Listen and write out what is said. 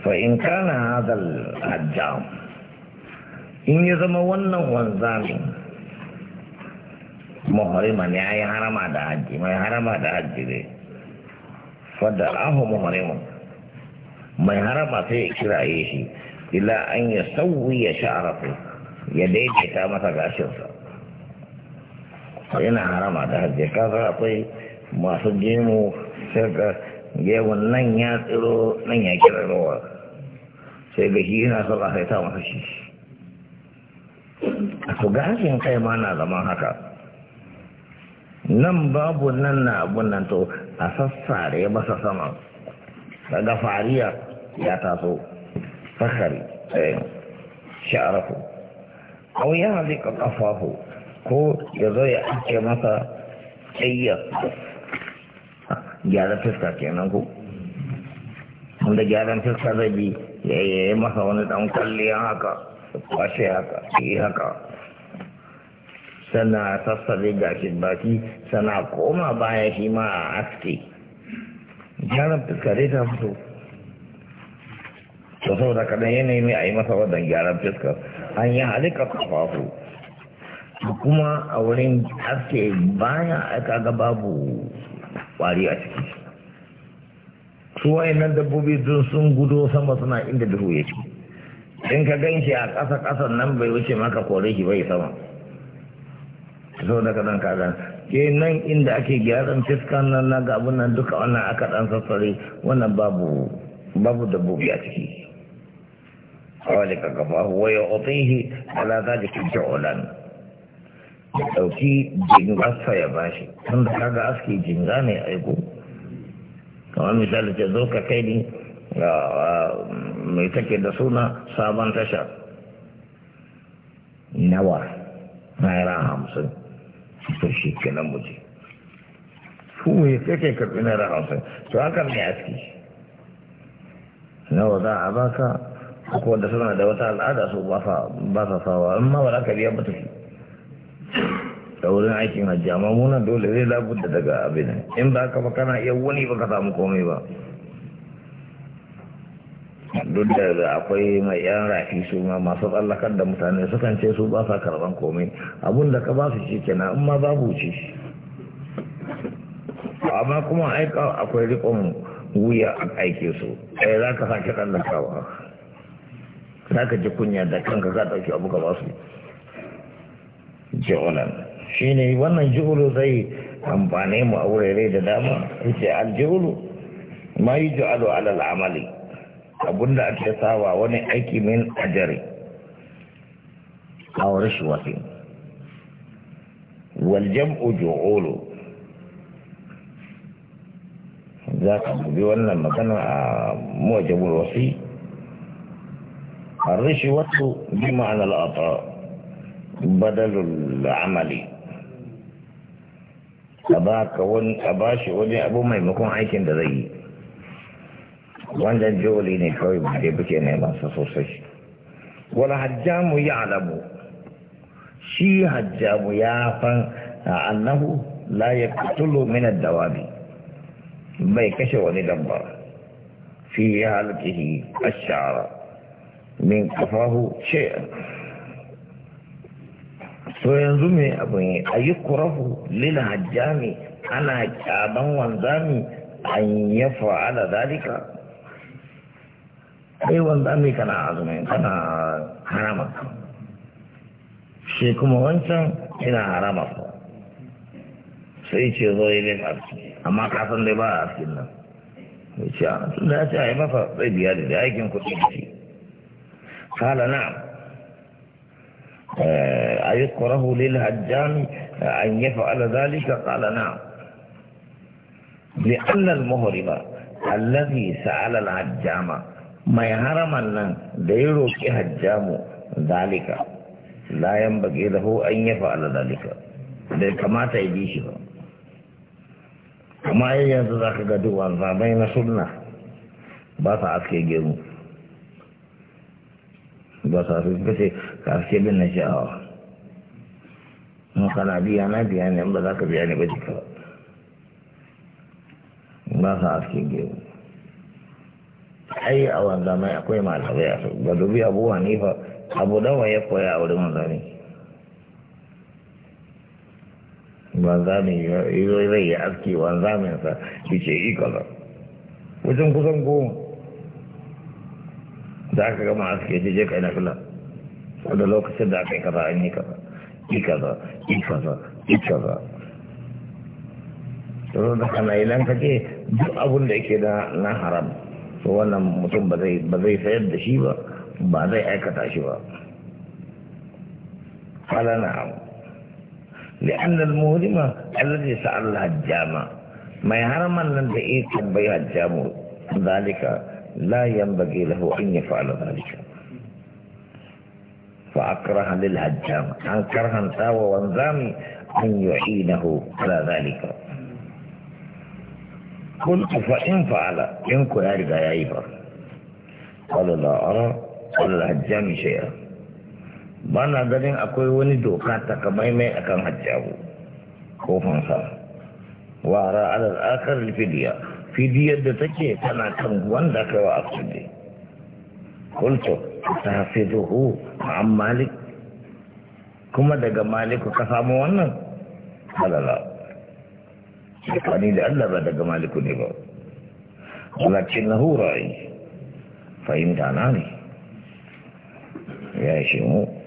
Fa in ka na hadal a In ya zama wannan wanzamin. Mahoreman ya yi harama da aji. Mai harama da aji ne. Fa da aho mahori mun. Mai harama sai kiraye shi, fila an yi sauri ya sha a rasu, ya daidaita masa gashinsa. Fa ina harama da aji. Ka akwai masu gininmu, shaggar. gewan nan ya tsiro nan ya kira rawa sai ga shi yana son a ta masa shi a to gashin kai ma na zama haka nan babu nan na abun nan to a sassare masa sama daga fariya ya taso fakari sha'arafu au ya halika ƙafafu, ko ya zo ya ake masa tsayyar gyara fuska kenan ko wanda gyaran fuska zai bi ya yi masa wani dan kwalliya haka kwashe haka yi haka Sannan sassa zai gashi baki sannan a koma baya shi ma a aske gyaran fuska dai ta fito to da kadan yanayi mai a yi masa wannan gyaran fuska an yi halika kafafu kuma a wurin aske baya aka ga babu kwari a ciki su nan dabbobi dun sun gudo sama suna inda duhu ya yake in ka gan shi a ƙasa ƙasan nan bai wuce maka kore shi bai sama so da ka ka gan ke nan inda ake gyaran fiskan nan na ga abun nan duka wannan aka dan sassare wannan babu babu dabbobi a ciki hawalika kafahu wa yu'tihi ala dhalika ju'lan ya ɗauki jingarsa ya bashi tun da kaga aski jinga ne aiko kamar misali ce zo ka kai ni mai take da suna sabon tasha nawa naira hamsin to shi kenan muje su mai take karɓi naira hamsin to hakan ne aski nawa za a baka ko da suna da wata al'ada su ba sa sawa Amma ba za ka biya ba tafi da wurin aikin hajji amma munan dole zai labuta daga abin in ba ka ba kana iya wani ba ka samu komai ba duk da akwai mai yan rafi su ma masu tsallakar da mutane sukan ce su ba sa karban komai abun da ka ba su shi kenan in ma babu ci amma kuma aika akwai rikon wuya a aike su ɗaya eh, za ka sake tsallakawa za ka ji kunya da kanka za ɗauki abu ka ba su ji'ulan shi ne wannan ju'ulu zai amfane mu a wurare da dama yace al-ju'ulu ma yuj'alu ala al'amali amali abunda ake sawa wani aiki min ajari aw shi wal jam'u ju'ulu za ka bugi wannan magana a mujabul wasi الرشوة بمعنى العطاء Badalul amali a ba wani shi wani abu maimakon aikin da zai yi wannan joli ne kawai ba dai buke neman sa sosai wani hajjamu ya alamu shi hajjamu ya fan a annahu la ya kutulu minar dawabi bai kashe wani dabba fi halkihi ashara min kafahu shi'a to yanzu me abin yi a yi kurahu lila hajjami ana kyaban wanzami an ya fa'ala zalika ai wanzami kana azumi kana harama shi kuma wancan ina harama sai ce zo yi bin arki amma kasan dai ba a cikin nan ya ce a ah, tun da ya ce a yi mafa zai biya da aikin kuɗi da shi kala na Ayi kura hulil an yafe aladalika ƙalana, mai allal muhiri ba allar ni sa hajjama, mai haramannan da ya roƙe hajjamu da alika, layan baƙi da hu an yafe aladalika, bai kamata ya shi ba, kuma yanzu za ka ga duwan zamai na sunna, basa aske gemu, basa aske min nisha'awa. kana biya na biya ne ba za ka biya ne ba jika ba sa aske gero ai a wanda mai akwai malamai a su ga dubi abu fa abu dawa ya koya a wurin wanzami wanzami zai yi aski wanzaminsa shi ce ikala wajen kusan goma za ka gama aski aske jeje kai na fila da lokacin da aka yi kaza an yi kaza yi kaza yi kaza yi kaza to da kana idan ka ce duk abun da yake na haram So, wannan mutum ba zai ba zai sayar da shi ba ba zai aikata shi ba fala na'am لأن المهرم الذي سأل الحجام ما يهرم لن تأيك بها الجام ذلك لا ينبغي له أن يفعل ذلك fa akraha lil hajjam an karhan wa wanzami zami an yu'inahu ala zalika kuntu fa in fa'ala in ku ya riga yayi ba qala la ara qala al hajjam shay'a bana ganin akwai wani doka ta kamar akan hajjabu ko fansa wa ara ala al akhar al fidya fidiyar da take tana kan wanda kai a akwai قلت تحفظه عن مالك كما دقى مالك كسام وانا قال لا يعني لألا بدقى مالك نبا ولكنه رأي فإمتعناني يا شيخ